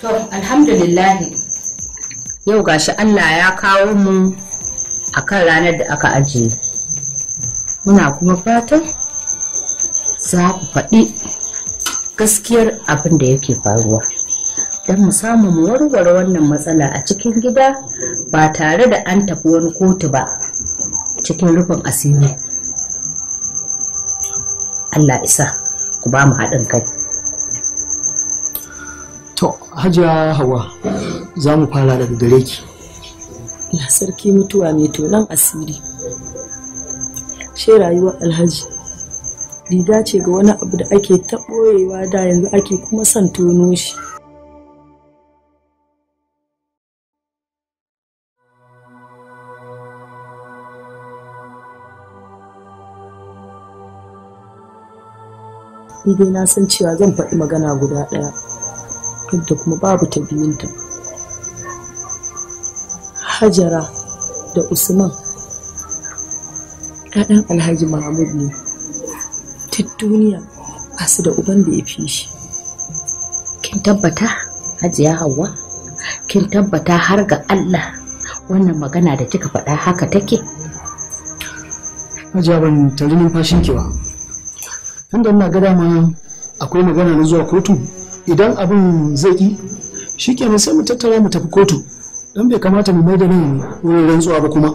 To, alhamdulillahi. Yau gashi Allah ya kawo mu a kan ranar da aka ajiye. Muna kuma fatan za ku faɗi gaskiyar abin da yake faruwa. Don mu samu mu warware wannan matsala a cikin gida ba tare da an tafi wani kotu ba cikin rufin asiri. Allah isa ku ba mu haɗin kai. hajiya hawa za mu fara daga gare ki na sarki mutuwa mai tonon asiri she rayuwar alhaji riga ce ga wani abu da ake taɓoyewa da yanzu ake kuma son tono shi dai na san cewa zan faɗi magana guda ɗaya wadda kuma babu ta biyunta hajara da usman ɗaɗan alhaji mahmud ne ta duniya ba su da uban da ya fi shi kin tabbata hajiya hawa kin tabbata har ga allah wannan magana da kika faɗa haka take hajiya ban tari numfashin ki ba tunda ina gada ma akwai magana na zuwa kotu idan abin zai yi shi ke sai mu tattara mu tafi kotu don bai kamata mu maida nan wurin rantsuwa ba kuma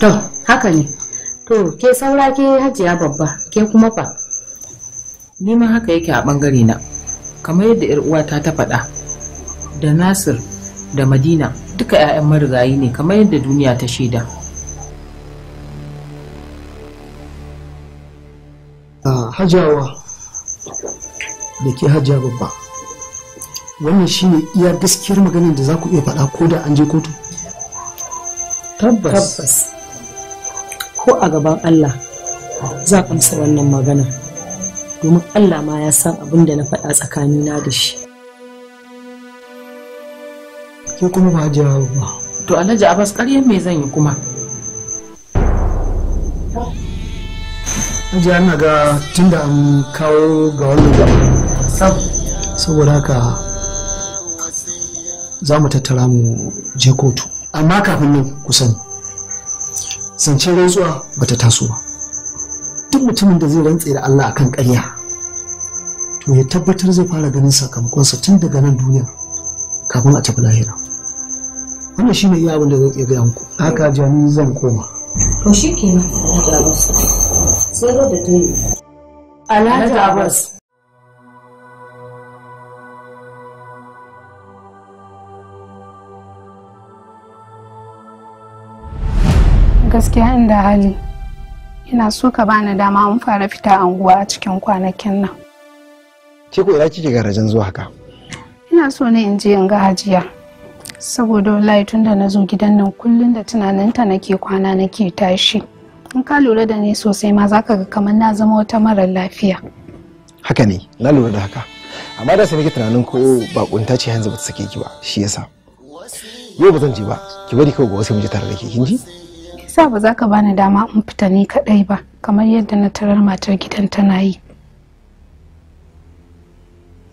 to haka ne to ke saura ke hajiya babba ke kuma fa ni ma haka yake a bangare na kamar yadda yar uwata ta faɗa da nasir da madina duka 'ya'yan marigayi ne kamar yadda duniya ta shaida ah, hajawa da ke hajiya babba wannan shine iya gaskiyar maganin da za ku iya faɗa ko da an je kotu tabbas ko a gaban allah za a amsa wannan magana domin allah ma ya san abin da na faɗa tsakanina da shi ke kuma ba hajiya ba to alhaji abbas ƙaryar me zan yi kuma hajiya na ga tunda an kawo ga wannan gaba saboda haka za mu tattara mu je kotu amma kafin nan ku sani. sance rantsuwa bata taso ba duk mutumin da zai rantse da Allah akan ƙarya to ya tabbatar zai fara ganin sakamakonsa tun daga nan duniya kafin a tafi lahira wannan shine iya abin da zan iya gaya haka jami zan koma to shikenan sai da tuni Alhaji Abbas gaskiya inda hali ina so ka bani dama mun fara fita anguwa a cikin kwanakin nan ke ko ina kike garajen zuwa haka ina so ne in je in ga hajiya saboda wallahi da na zo gidan nan kullum da tunaninta nake kwana nake tashi in ka lura da ni sosai ma zaka ga kamar na zama wata mara lafiya haka ne na lura da haka amma da sai nake tunanin ko bakunta ce yanzu ba ta sake ki ba shi yasa yau ba zan je ba ki bari kawai ga wasu mu je tare da ke kin ji yasa ba za ka bani dama in fita ni kaɗai ba kamar yadda na tarar matar gidan tana yi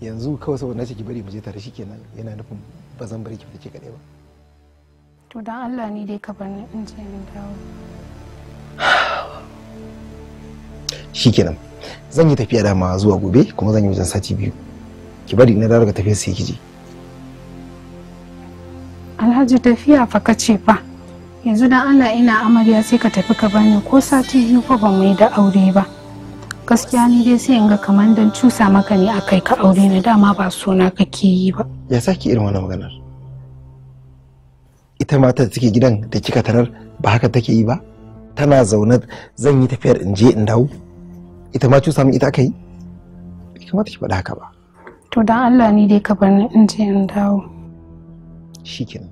yanzu kawai saboda na ciki ki bari mu je tare shikenan yana nufin ba zan bari ki fita ke kaɗai ba to dan Allah ni dai ka bar ni in je in dawo shikenan zan yi tafiya dama zuwa gobe kuma zan yi wajen sati biyu ki bari na dawo daga tafiyar sai ki je Alhaji tafiya fa kace fa yanzu dan allah ina amarya sai ka tafi ka bani ko sati biyu ko ba mu yi da aure ba gaskiya ni dai sai in ga kamar dan cusa maka ne akai ka aure ne dama ba sona kake yi ba ya saki irin wannan maganar ita ta take gidan da kika tarar ba haka take yi ba tana zaune zan yi tafiyar in je in dawo ita ma cusa min ita aka yi bai kamata ki faɗa haka ba to dan allah ni dai ka bar ni in je in dawo shikenan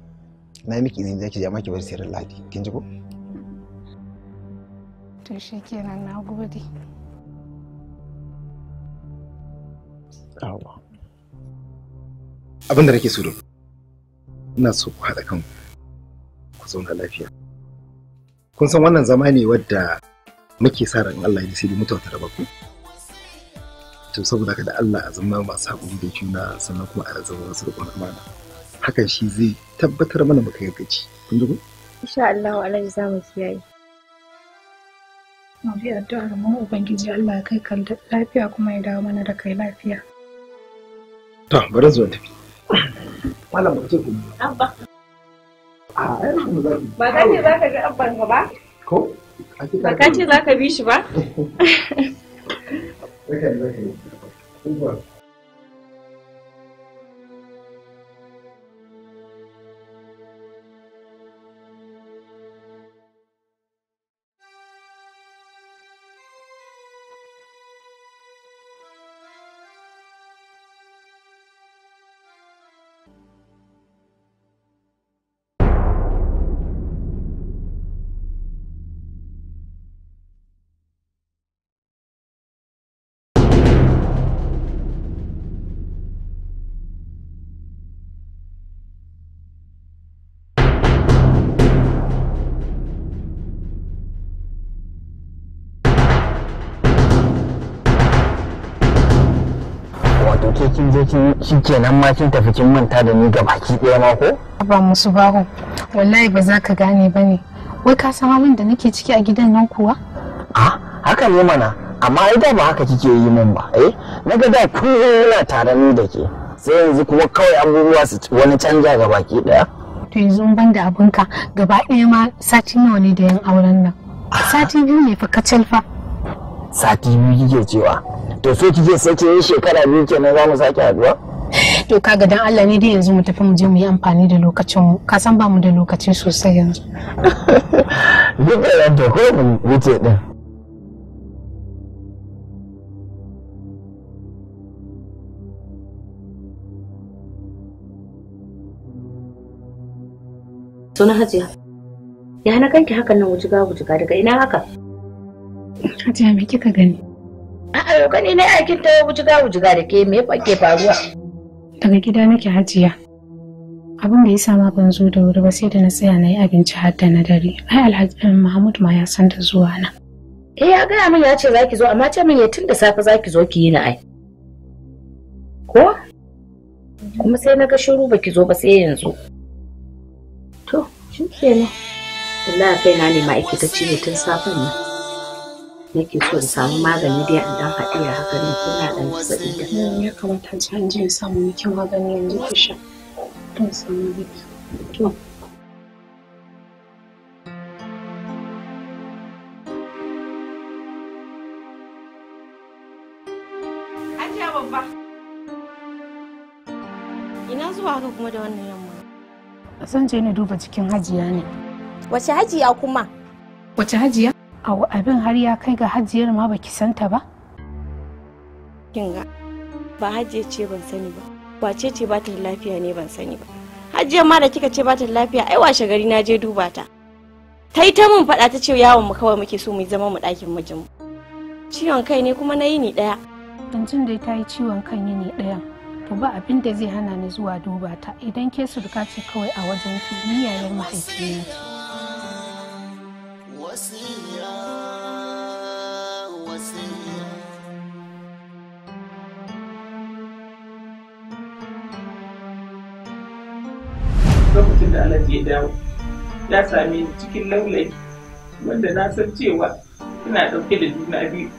na yi miki izini ki je amma ki bar sirrin ladi kin ji ko to shi kenan na gode yawa abin da nake so da ina so ku haɗa kanku ku zauna lafiya kun san wannan zama ne wadda muke sa ran Allah ya sai mutuwa ta raba ku to saboda ka da Allah a zama masu haƙuri da juna sannan kuma a zama wasu rubun amana hakan shi zai tabbatar mana muka yi gaci kun ji insha Allah wa Allah za mu kiyaye mu bi addu'a mu ubangiji Allah ya kai kan lafiya kuma ya dawo mana da kai lafiya to bari zuwa tafi malam ba ce ku abba a ba ka ce za ka ga abban ka ba ko ba ka ce za ka bi shi ba Thank you. ke shi kenan ma kin tafi manta da ni ga baki ɗaya ma ko ba musu baro, wallahi ba za ka gane ba ne wai ka san abin da nake ciki a gidan nan kuwa a haka ne mana amma ai da ba haka kike yi min ba eh na ga da kullum yana tare ni da ke sai yanzu kuma kawai abubuwa su wani canja ga baki ɗaya to yanzu ban da abinka gaba ɗaya ma sati nawa ne da yan auren nan ah. sati biyu ne fa kacal fa sati biyu kike cewa to so kike sake yin shekara biyu kenan za mu sake haduwa to kaga dan Allah ne dai yanzu mu tafi mu je mu yi amfani da lokacin mu ka san ba mu da lokaci sosai yanzu duk da yanzu ko mu wuce din Suna Hajiya, ya na kanki hakan nan wujiga wujiga daga ina haka? Hajiya me kika gani? A'a yau kani na aikin ta wujiga wujiga da ke me ke faruwa? Daga gida nake hajiya. Abin da ya sama ban zo da wuri ba sai da na tsaya na yi abinci har da na dare. Ai Alhaji um, Mahmud ma ya san da zuwa na. Eh ya gaya min ya ce zaki zo amma ce min ya tun da safe zaki zo ki yi na ai. Ko? Kuma sai na ga shiru baki zo ba sai yanzu. To, shi ne. Allah kai na ne ma'aikata ce tun safen nan. nake so in samu magani dai in dan haɗe ya haka ne ko na dan kuɗi da ya kamata ci an je samu miki magani yanzu ku sha to samu miki to Ina zuwa haka kuma da wannan yamma? Zan je na duba cikin hajiya ne. Wace hajiya kuma? Wace hajiya? abin har ya kai ga hajiyar ma baki santa ba? Kinga, ba hajiya ce ban sani ba, wace ce ba ta lafiya ne ban sani ba. Hajiyar ma da kika ce ba ta lafiya, ai washe gari na je duba ta. Ta yi ta mun faɗa ta ce yawon mu kawai muke so mu zama mu ɗakin mijinmu. Ciwon kai ne kuma na yi ni ɗaya. Yanzu dai ta yi ciwon kan yi ni ɗaya. To ba abin da zai hana ni zuwa duba ta idan ke surka ce kawai a wajen ki ni yayin Allah ya dawo ya same ni cikin laulayi wanda na san cewa ina ɗauke da juna biyu.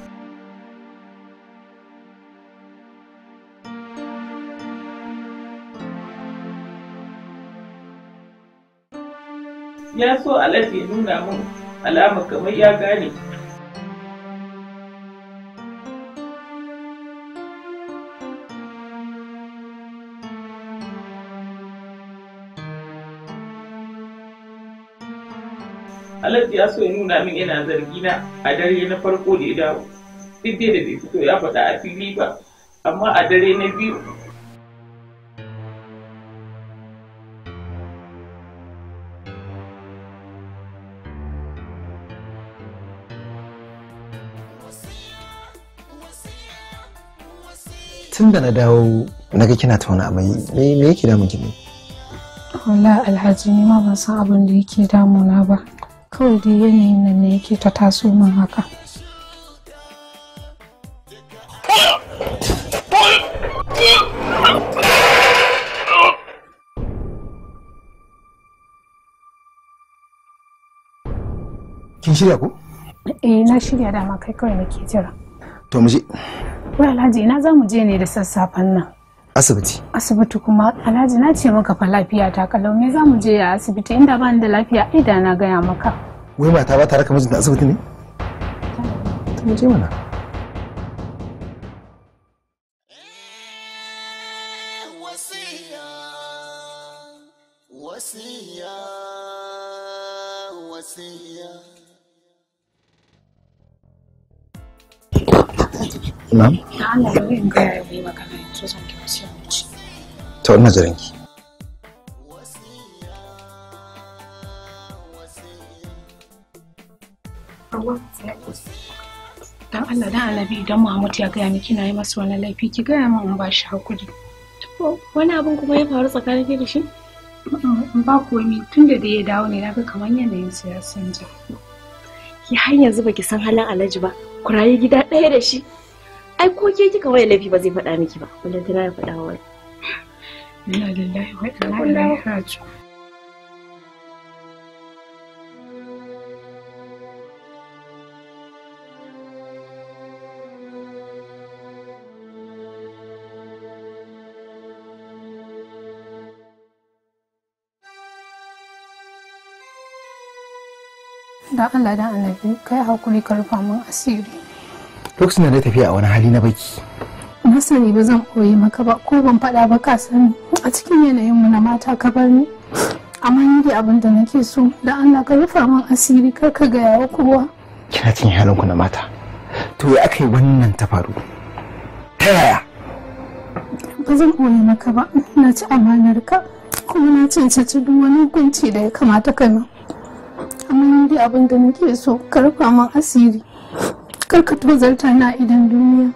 Ya so Allah ya nuna mun alama kamar ya gane alhaji ya so ya nuna min yana na a dare na farko da ya dawo duk dai da bai fito ya faɗa a fili ba amma a dare na biyu tun da na dawo na ga kina ta wani abu me yake damun ki ne? Wallahi Alhaji ni ma ban san abin da yake damuna ba. kawai da yanayin nan ne yake ta taso min haka kin shirya ko eh na shirya dama kai kawai nake jira to mu je wai alhaji ina za mu je ne da sassafen nan asibiti asibiti kuma alhaji na ce maka fa lafiya ta kalau me za mu je a asibiti inda ba ni da lafiya ai da na gaya maka wai mata ba tare ka mijinta asibiti ne ta mace mana Na'am? Na Allah ya yi magana yanzu zan ki wasu yanci. Ta wannan jarinki. Allah dan alabi idan Muhammad ya gaya miki na yi masa wani laifi ki gaya min in ba shi hakuri. To wani abin kuma ya faru tsakanin ke da shi? Ba komi tun da ya dawo ne na ga kamar yanayin sa ya canja. Ki har yanzu baki san halin Alhaji ba. Ku rayu gida ɗaya da shi. Ai ko ke kika wani laifi ba zai faɗa miki ba. Wannan tana ya faɗa wa. Ina lillahi wa inna ilaihi Da Allah da annabi kai hakuri ka rufa mun asiri suna da tafiya a wani hali na baki na sani ba zan koyi maka ba ko ban faɗa ba ka sani a cikin yanayin mu na mata ka bar ni amma ni dai abin da nake so da Allah ka rufa mun asiri kar ka gaya wa kowa kina cikin halin ku na mata to ya aka wannan ta faru ta yaya ba zan koyi maka ba na ci amanar ka kuma na cancanci duk wani hukunci da ya kamata kai ma daidai abin da nake so karfa man asiri kar ka tozarta na idan duniya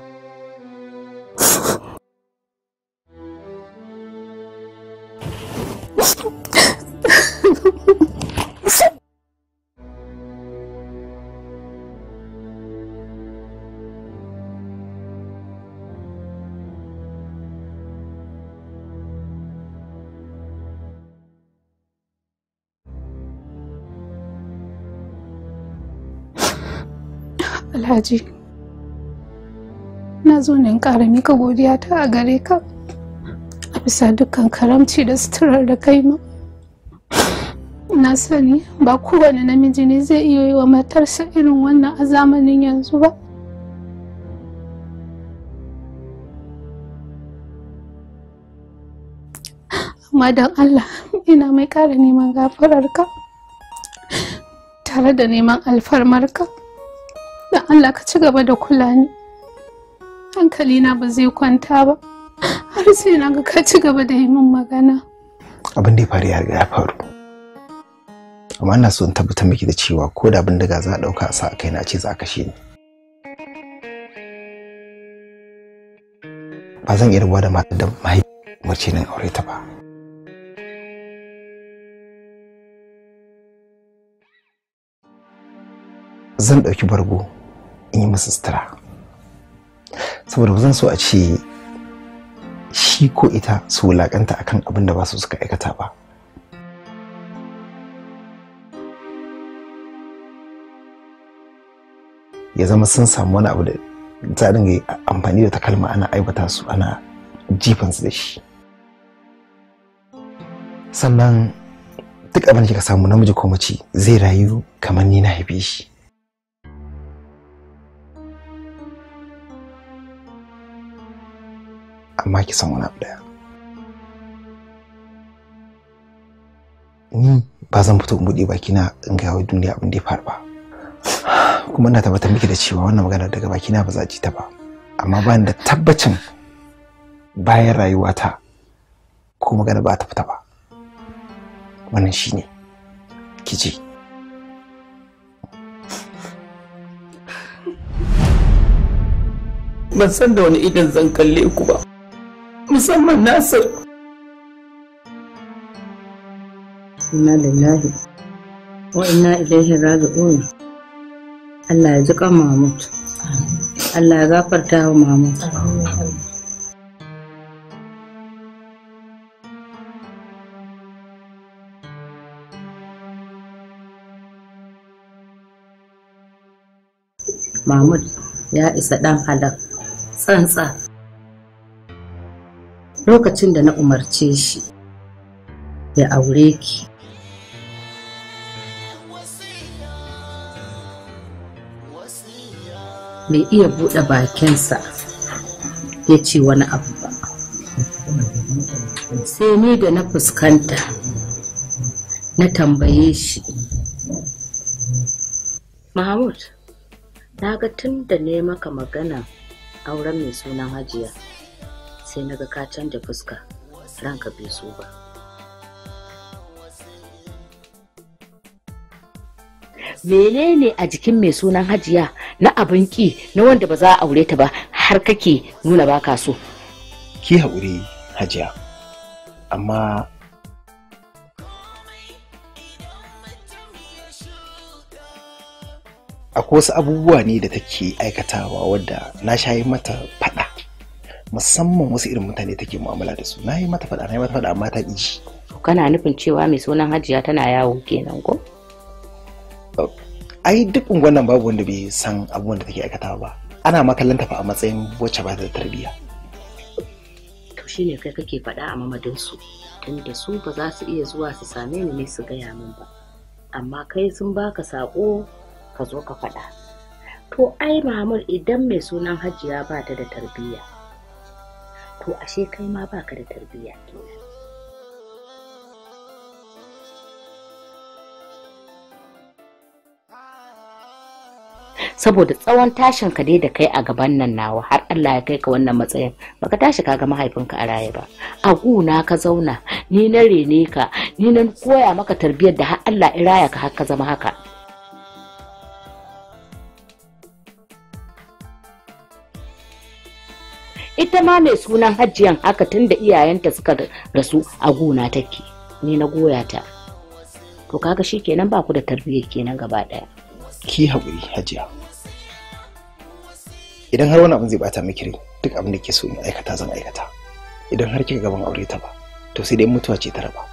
ji na zo ne in ƙara mika godiya ta a gare ka a bisa dukkan karamci da suturar da kai ma na sani ba kowane namiji ne zai iya yi wa matarsa irin wannan a zamanin yanzu ba amma don allah ina mai ƙara neman gafararka tare da neman alfarmarka don Allah ka ci gaba da kula ni hankalina ba zai kwanta ba har sai na ga ka ci gaba da yi min magana abin da ya faru ya faru amma ina so in tabbatar miki da cewa ko da abin daga za a ɗauka a sa a na ce za a kashe ni ba zan iya rubuwa da matar da mahaifiyar nan aure ta ba zan ɗauki bargo in yi masa sutura saboda ba zan so a ce shi ko ita su wulaƙanta akan abin da ba su suka aikata ba ya zama sun samu wani abu da ta dinga amfani da takalma ana aibata su ana jifansu da shi sannan duk abin da kika samu namiji ko mace zai rayu kamar ni na haife shi amma ki san wani abu daya ni ba zan fito in buɗe baki na in ga duniya abin da ya faru ba kuma ina tabbatar miki da cewa wannan magana daga bakina ba za ji ta ba amma ba da tabbacin bayan rayuwata ko magana ba ta fita ba wannan shine ki ji ban san da wani idan zan kalle ku ba musamman Nasir. Inna lillahi wa inna ilaihi raji'un. Allah ya jiƙa kan Mahmud. Allah ya gafarta wa Mahmud. Mahmud ya isa ɗan halar tsantsa. lokacin da na umarce shi ya aure ki bai iya buɗe bakinsa ya ce wani abu ba sai ni da na fuskanta na tambaye shi mahmud na ga tun da ne maka magana auren mai sunan hajiya sai na ga ka da fuska ranka bai so ba menene a jikin mai sunan hajiya na abin ki na wanda ba za a aure ta ba har kake nuna baka so ki haƙuri hajiya amma akwai wasu abubuwa ne da take aikatawa wadda na shayi mata faɗa musamman wasu irin mutane take mu'amala da su na yi mata faɗa na yi mata faɗa amma ta ƙi kana nufin cewa mai sunan hajiya tana yawo kenan ko ai duk ungwannan babu wanda bai san abubuwan da take aikata ba ana makallanta fa a matsayin wacce ba da tarbiyya to shine kai kake faɗa a mamadin su tunda su ba za su iya zuwa su same ni ne su gaya min ba amma kai sun baka sako ka zo ka faɗa to ai mahmud idan mai sunan hajiya ba ta da tarbiyya to ashe kai ma baka da tarbiyya kenan saboda tsawon tashin ka dai da kai a gaban nan nawa har Allah ya kai ka wannan matsayin baka tashi ka ga mahaifinka a raye ba a na, ka zauna ni na rene ka ni na koya maka tarbiyyar da har Allah ya raya ka har ka zama haka ita ma mai sunan hajjiyan haka tun da iyayenta suka rasu a gona take ni na goya ta to kaga shi kenan ba ku da tarbiyyar kenan gaba daya ki haƙuri hajiya idan har wani abin zai bata miki rai duk abin da ke so in aikata zan aikata idan har kika gaban aure ta ba to sai dai mutuwa ce ta raba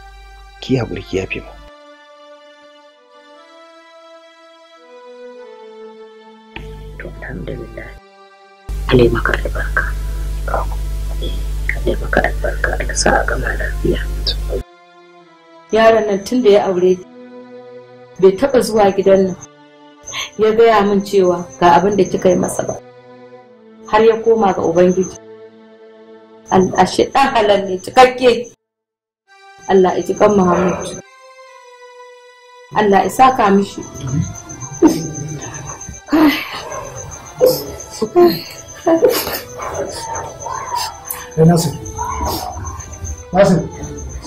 ki haƙuri ki yafe mu to alhamdulillah alai maka albarka kaɗai maka albarka da sa a gama lafiya yaron nan tun da ya aure bai taɓa zuwa gidan nan ya gaya min cewa ga abin da kika yi masa ba har ya koma ga ubangiji ashe ɗan halal ne cikakke Allah ya ji kan Muhammad Allah ya saka mishi Kai. Kai. Eh, kai nasu. Nasu.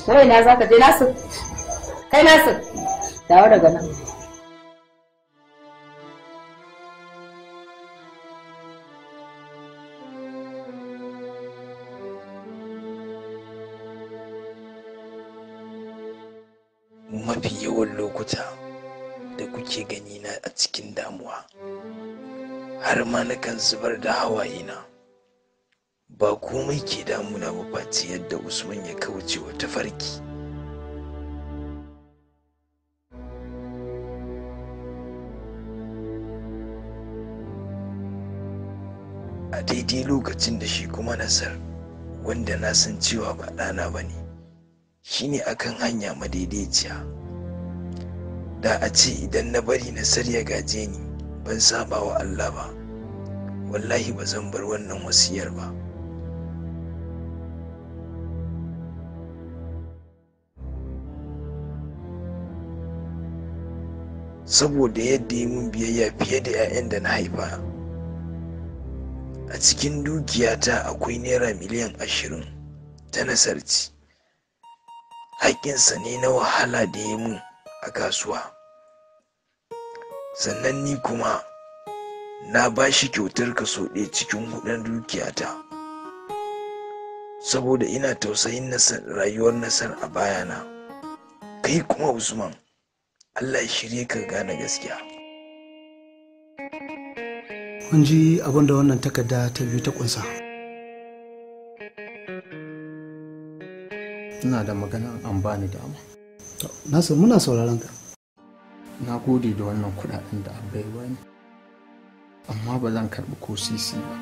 kai na zaka je nasu? kai nasu. dawo daga nan mafi yawan lokuta da kuke gani na a cikin damuwa har ma na kan zubar da hawaye na. ba komai ke damuna ba face yadda usman ya kauce wa tafarki a daidai lokacin da shi kuma nasar wanda na san cewa ba ɗana ba ne shi ne akan hanya madaidaiciya da a ce idan na bari nasar ya gaje ni ban saba wa allah ba wallahi ba zan bar wannan wasiyar ba saboda yadda yi mun biyayya fiye da 'ya'yan da na haifa a cikin dukiyata akwai naira miliyan ashirin ta nasarci haƙƙinsa ne na wahala da ya mun a kasuwa sannan ni kuma na ba shi kyautar kaso ɗaya cikin hudun dukiyata saboda ina tausayin rayuwar nasar a bayana kai kuma usman Allah ya shirye ka gane gaskiya kun ji abin da wannan takarda ta biyu ta kunsa ina da magana an bani dama nasu muna sauraron ka na gode da wannan kudaden da an bai wani, amma ba zan karbi ko sisi ba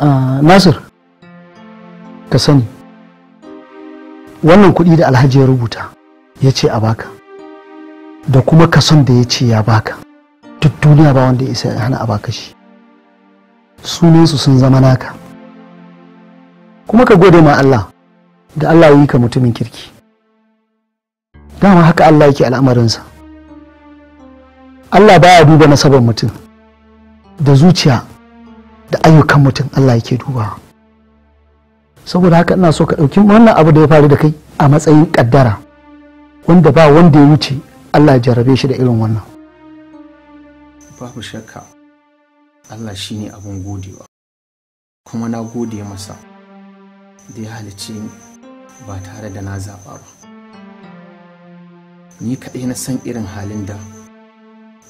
Uh, Nasir, ka sani wannan kuɗi da alhaji ya rubuta ya ce a baka da kuma kason da ya ce ya baka duk duniya ba wanda ya isa hana a baka shi sunansu sun zama naka kuma ka gode ma Allah da Allah yi ka mutumin kirki dama haka Allah yake al'amarinsa Allah baya duba nasabar mutum da zuciya da ayyukan mutum Allah yake dubawa saboda haka ina so ka ɗauki wannan abu da ya faru da kai a matsayin ƙaddara wanda ba wanda ya wuce Allah ya jarabe shi da irin wannan babu shakka Allah shi ne abin godewa kuma na gode masa da ya halicce ba tare da na zaɓa ba ni kaɗai na san irin halin da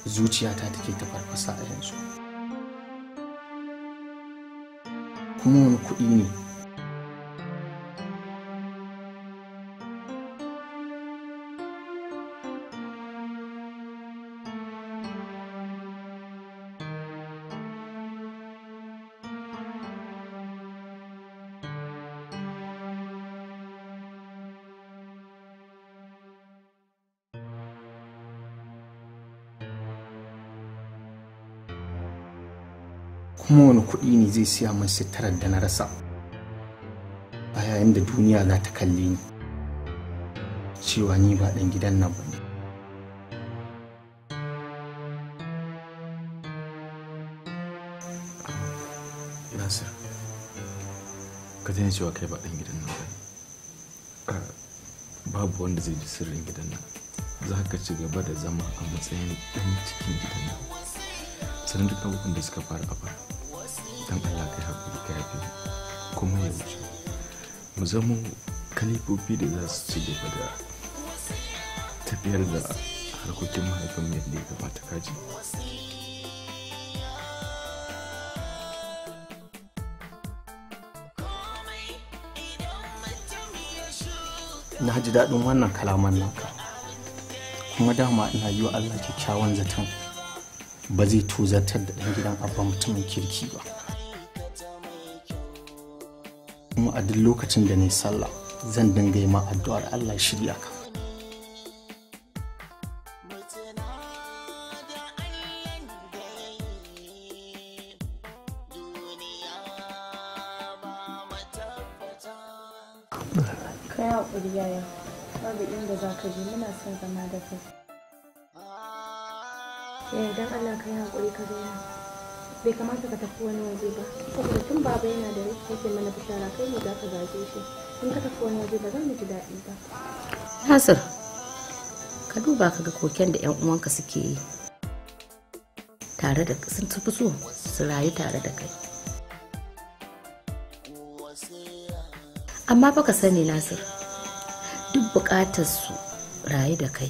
zuciyata take ta farfasa a yanzu kuma wani kuɗi ne kuma wani kuɗi ne zai siya min sitarar da na rasa a yayin da duniya za ta kalli ni cewa ni ba ɗan gidan nan ba Nasir, ka cewa kai ba ɗan gidan nan ba babu wanda zai ji sirrin gidan nan za ka ci gaba da zama a matsayin ɗan cikin gidan nan sanin duk abubuwan da suka fara a baya don allah ka haƙuri ka yafe kuma ya wuce mu zama kalifofi da za su ci gaba da tafiyar da harkokin mai da ya kamata kaji na ji daɗin wannan kalaman naka kuma dama ina yi wa allah kyakkyawan zaton ba zai tozartar da ɗan gidan abba mutumin kirki ba kuma a duk lokacin da na sallah zan dinga yi ma addu'ar Allah shirya ka kai haƙuri yaya babu inda za ka je muna son zama da kai idan eh, Allah kai haƙuri ka daina bai kamata ka tafi wani waje ba saboda tun baba yana da rai mana bishara kai ne za ka gaje shi in ka tafi wani waje ba zan ji daɗi ba nasir ka duba ka ga koken da yan uwanka suke yi tare da sun tafi so su rayu tare da kai amma fa ka sani nasir duk bukatar su rayu da kai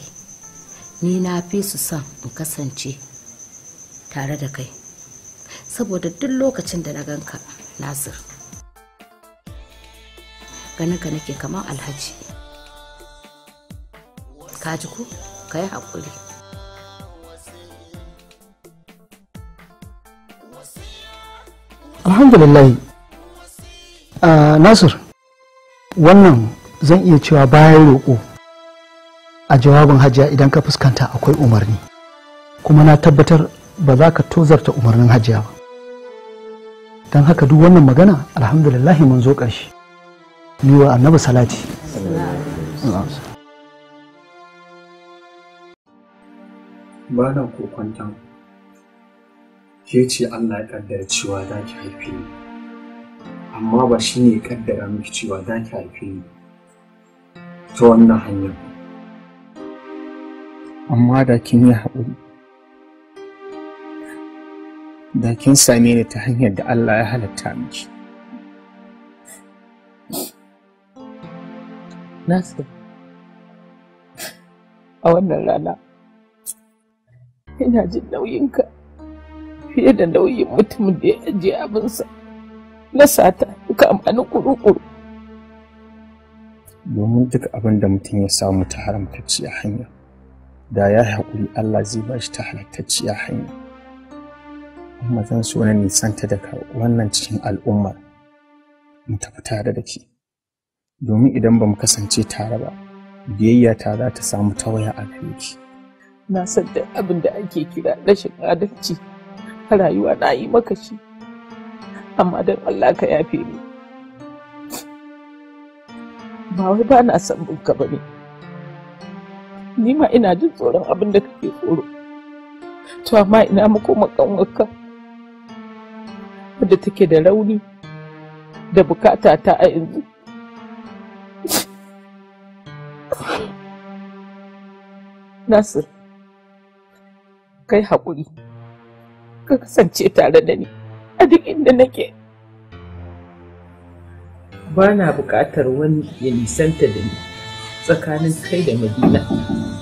ni na fi su son in kasance tare da kai saboda duk lokacin da na ganka nasir ganinka nake kamar alhaji ka ji ku ka yi haƙuri alhamdulillah ah, nasir wannan zan iya cewa bayan roƙo a jawabin hajiya idan ka fuskanta akwai umarni kuma na tabbatar ba za ka tozarta umarnin hajiya ba don haka duk wannan magana alhamdulillahi mun zo ƙarshe ni wa annabi salati ba na kwantan ke ce allah ya kaddara cewa za ki haife ni amma ba shi ne kaddara miki cewa za ki haife ni ta wannan hanyar amma da kin yi haƙuri da kin same ni ta hanyar da Allah ya halatta miki. Nasir, a wannan rana, ina jin nauyinka fiye da nauyin mutumin da ya ajiye abinsa na sata duka amfanin kuru-kuru. Domin duk abin da mutum ya samu ta haramtacciya hanya, da ya haƙuri Allah zai ba shi ta halattacciya hanya. kuma zan so na nisanta daga wannan cikin al'ummar mu tafi tare da ke domin idan ba mu kasance tare ba biyayya ta za ta samu tawaya a gare ki na san da abin da ake kira rashin adalci a rayuwa na yi maka shi amma don Allah ka yafe ni ba wai ba na san bunka ba ne ni ma ina jin tsoron abin da kake tsoro to amma ina makoma wakan da take da rauni da bukata ta a yanzu nasir kai haƙuri ka kasance tare da ni a duk inda nake ba na buƙatar wani ya nisanta da ni tsakanin kai da madina